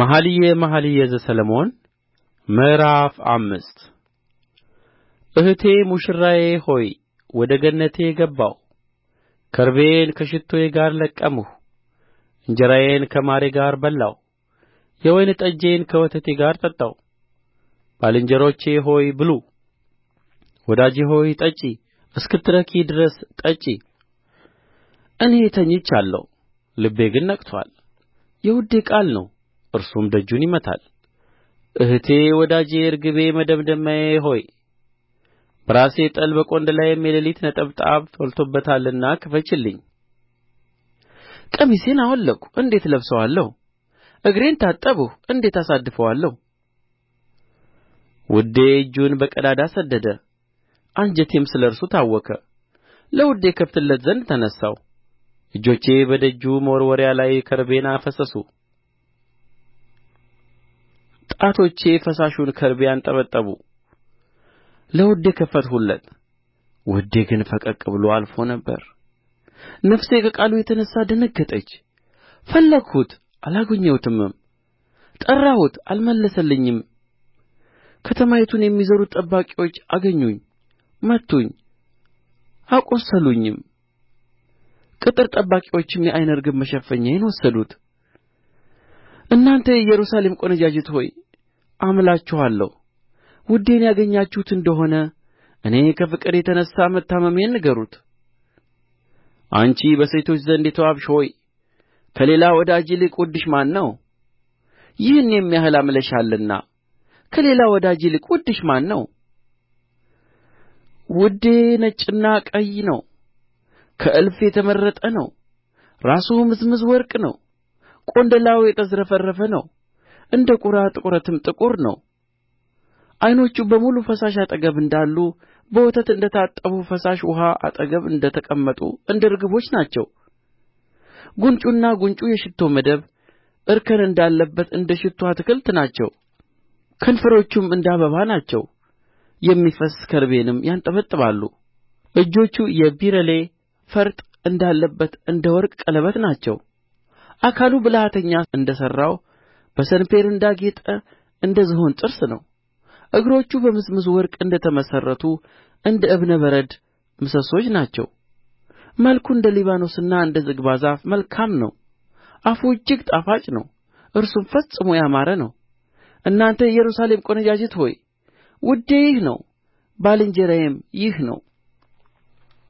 መኃልየ መኃልይ ዘሰሎሞን ምዕራፍ አምስት እኅቴ ሙሽራዬ ሆይ ወደ ገነቴ ገባሁ ከርቤዬን ከሽቶዬ ጋር ለቀምሁ እንጀራዬን ከማሬ ጋር በላሁ የወይን ጠጄን ከወተቴ ጋር ጠጣሁ ባልንጀሮቼ ሆይ ብሉ ወዳጄ ሆይ ጠጪ እስክትረኪ ድረስ ጠጪ እኔ ተኝቻለሁ ልቤ ግን ነቅቶአል የውዴ ቃል ነው እርሱም ደጁን ይመታል እኅቴ ወዳጄ ርግቤ መደምደሚያዬ ሆይ በራሴ ጠል በቈንዳላዬም የሌሊት ነጠብጣብ ቶልቶበታልና ክፈችልኝ ቀሚሴን አወለቅሁ እንዴት እለብሰዋለሁ እግሬን ታጠብሁ እንዴት አሳድፈዋለሁ ውዴ እጁን በቀዳዳ ሰደደ አንጀቴም ስለ እርሱ ታወከ ለውዴ ከፍትለት ዘንድ ተነሣሁ እጆቼ በደጁ መወርወሪያ ላይ ከርቤን አፈሰሱ ጣቶቼ ፈሳሹን ከርቤ አንጠበጠቡ ለውዴ ከፈትሁለት ውዴ ግን ፈቀቅ ብሎ አልፎ ነበር ነፍሴ ከቃሉ የተነሣ ደነገጠች ፈለግሁት አላገኘሁትም ጠራሁት አልመለሰልኝም ከተማይቱን የሚዞሩት ጠባቂዎች አገኙኝ መቱኝ አቈሰሉኝም ቅጥር ጠባቂዎችም የዓይነ ርግብ መሸፈኛዬን ወሰዱት እናንተ የኢየሩሳሌም ቈነጃጅት ሆይ አምላችኋለሁ ውዴን ያገኛችሁት እንደ ሆነ እኔ ከፍቅር የተነሣ መታመሜን ንገሩት አንቺ በሴቶች ዘንድ የተዋብሽ ሆይ ከሌላ ወዳጅ ይልቅ ውድሽ ማን ነው ይህን የሚያህል አምለሻልና ከሌላ ወዳጅ ይልቅ ውድሽ ማን ነው ውዴ ነጭና ቀይ ነው ከእልፍ የተመረጠ ነው ራሱ ምዝምዝ ወርቅ ነው ቈንዳላው የተዝረፈረፈ ነው እንደ ቁራ ጥቁረትም ጥቁር ነው ዓይኖቹ በሙሉ ፈሳሽ አጠገብ እንዳሉ በወተት እንደ ታጠቡ ፈሳሽ ውኃ አጠገብ እንደ ተቀመጡ እንደ ርግቦች ናቸው ጕንጩና ጕንጩ የሽቶ መደብ እርከን እንዳለበት እንደ ሽቱ አትክልት ናቸው ከንፈሮቹም እንደ አበባ ናቸው የሚፈስስ ከርቤንም ያንጠበጥባሉ እጆቹ የቢረሌ ፈርጥ እንዳለበት እንደ ወርቅ ቀለበት ናቸው አካሉ ብልሃተኛ እንደ ሠራው በሰንፔር እንዳጌጠ እንደ ዝሆን ጥርስ ነው እግሮቹ በምዝምዝ ወርቅ እንደ ተመሠረቱ እንደ ዕብነ በረድ ምሰሶች ናቸው መልኩ እንደ ሊባኖስና እንደ ዝግባ ዛፍ መልካም ነው አፉ እጅግ ጣፋጭ ነው እርሱም ፈጽሞ ያማረ ነው እናንተ የኢየሩሳሌም ቈነጃጅት ሆይ ውዴ ይህ ነው ባልንጀራዬም ይህ ነው